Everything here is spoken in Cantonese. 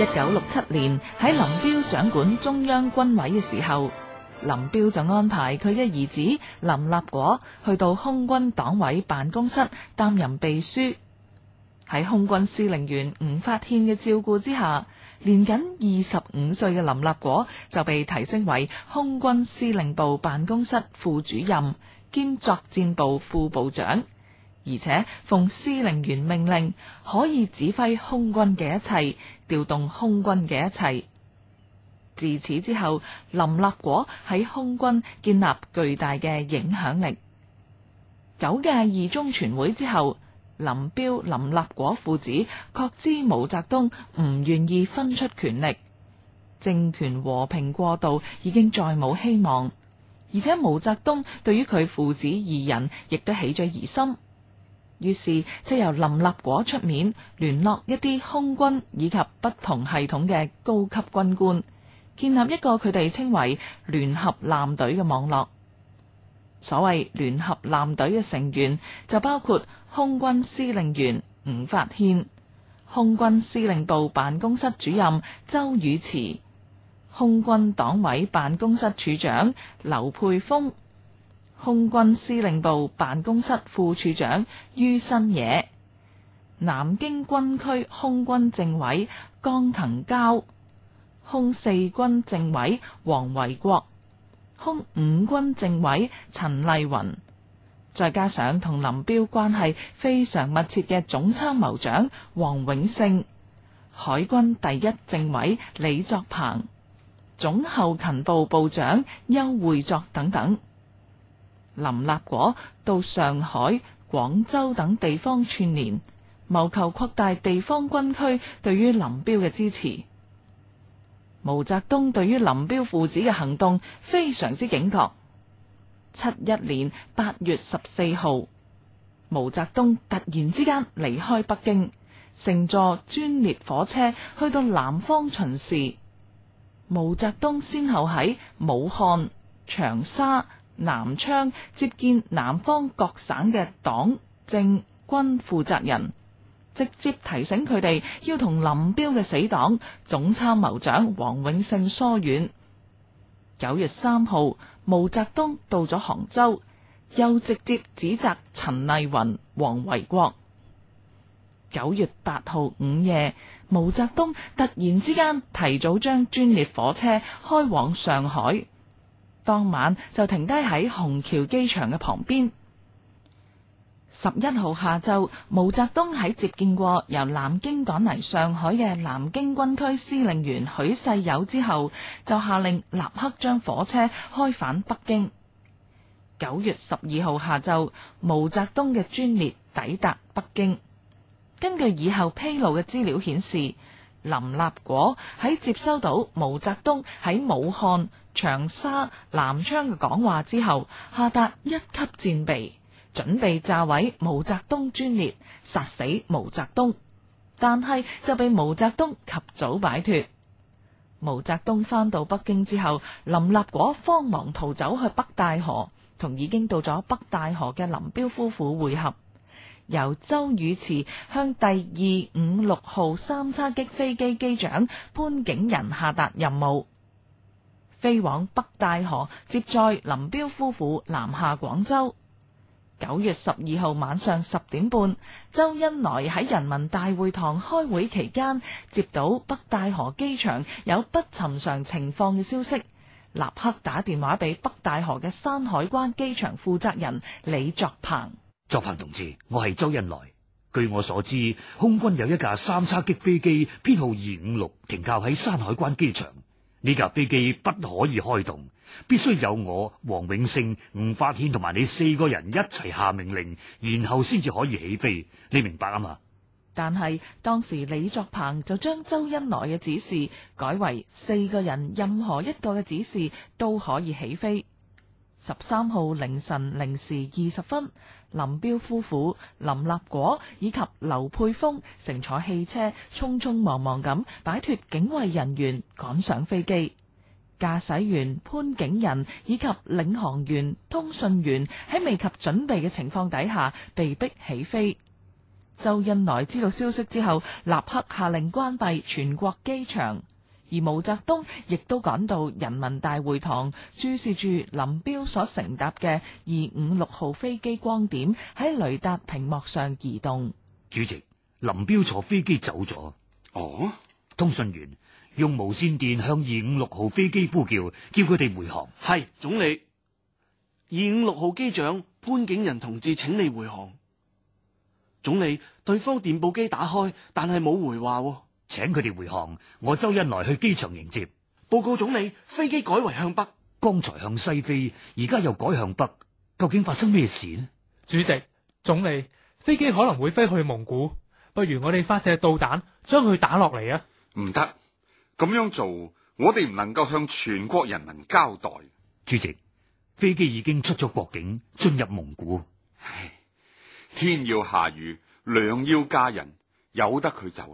一九六七年喺林彪掌管中央軍委嘅時候，林彪就安排佢嘅兒子林立果去到空軍黨委辦公室擔任秘書。喺空軍司令員吳法憲嘅照顧之下，年僅二十五歲嘅林立果就被提升為空軍司令部辦公室副主任兼作戰部副部長。而且奉司令員命令，可以指揮空軍嘅一切，調動空軍嘅一切。自此之後，林立果喺空軍建立巨大嘅影響力。九屆二中全會之後，林彪、林立果父子確知毛澤東唔願意分出權力，政權和平過渡已經再冇希望。而且毛澤東對於佢父子二人亦都起咗疑心。於是就由林立果出面聯絡一啲空軍以及不同系統嘅高級軍官，建立一個佢哋稱為聯合艦隊嘅網絡。所謂聯合艦隊嘅成員就包括空軍司令員吳法憲、空軍司令部辦公室主任周宇馳、空軍黨委辦公室處長劉佩峰。空軍司令部辦公室副處長于新野，南京軍區空軍政委江騰蛟，空四軍政委王維國，空五軍政委陳麗雲，再加上同林彪關係非常密切嘅總參謀長黃永勝，海軍第一政委李作鵬，總後勤部部長邱會作等等。林立果到上海、廣州等地方串聯，謀求擴大地方軍區對於林彪嘅支持。毛澤東對於林彪父子嘅行動非常之警覺。七一年八月十四號，毛澤東突然之間離開北京，乘坐專列火車去到南方巡視。毛澤東先後喺武漢、長沙、南昌接見南方各省嘅黨政軍負責人，直接提醒佢哋要同林彪嘅死黨總參謀長黃永勝疏遠。九月三號，毛澤東到咗杭州，又直接指責陳麗雲、王維國。九月八號午夜，毛澤東突然之間提早將專列火車開往上海。當晚就停低喺虹橋機場嘅旁邊。十一號下晝，毛澤東喺接見過由南京趕嚟上海嘅南京軍區司令員許世友之後，就下令立刻將火車開返北京。九月十二號下晝，毛澤東嘅專列抵達北京。根據以後披露嘅資料顯示，林立果喺接收到毛澤東喺武漢長沙南昌嘅講話之後，下達一級戰備，準備炸毀毛澤東專列，殺死毛澤東。但係就被毛澤東及早擺脫。毛澤東翻到北京之後，林立果慌忙逃走去北戴河，同已經到咗北戴河嘅林彪夫婦會合，由周宇馳向第二五六號三叉戟飛機機長潘景仁下達任務。飛往北戴河接載林彪夫婦南下廣州。九月十二號晚上十點半，周恩來喺人民大會堂開會期間，接到北戴河機場有不尋常情況嘅消息，立刻打電話俾北戴河嘅山海關機場負責人李作鵬。作鵬同志，我係周恩來。據我所知，空軍有一架三叉戟飛機編號二五六，停靠喺山海關機場。呢架飛機不可以開動，必須有我、黃永勝、吳法憲同埋你四個人一齊下命令，然後先至可以起飛。你明白啊嘛？但係當時李作鵬就將周恩來嘅指示改為四個人任何一個嘅指示都可以起飛。十三號凌晨零時二十分。林彪夫婦、林立果以及劉沛豐乘坐汽車，匆匆忙忙咁擺脫警衛人員，趕上飛機。駕駛員潘景仁以及領航員、通訊員喺未及準備嘅情況底下，被迫起飛。周恩來知道消息之後，立刻下令關閉全國機場。而毛澤東亦都趕到人民大會堂，注視住林彪所乘搭嘅二五六號飛機光點喺雷達屏幕上移動。主席，林彪坐飛機走咗。哦，通訊員用無線電向二五六號飛機呼叫，叫佢哋回航。係，總理，二五六號機長潘景仁同志，請你回航。總理，對方電報機打開，但係冇回話喎。請佢哋回航，我周恩來去機場迎接。報告總理，飛機改為向北。剛才向西飛，而家又改向北，究竟發生咩事呢？主席、總理，飛機可能會飛去蒙古，不如我哋發射導彈將佢打落嚟啊！唔得，咁樣做，我哋唔能夠向全國人民交代。主席，飛機已經出咗國境，進入蒙古。唉，天要下雨，娘要嫁人，由得佢走。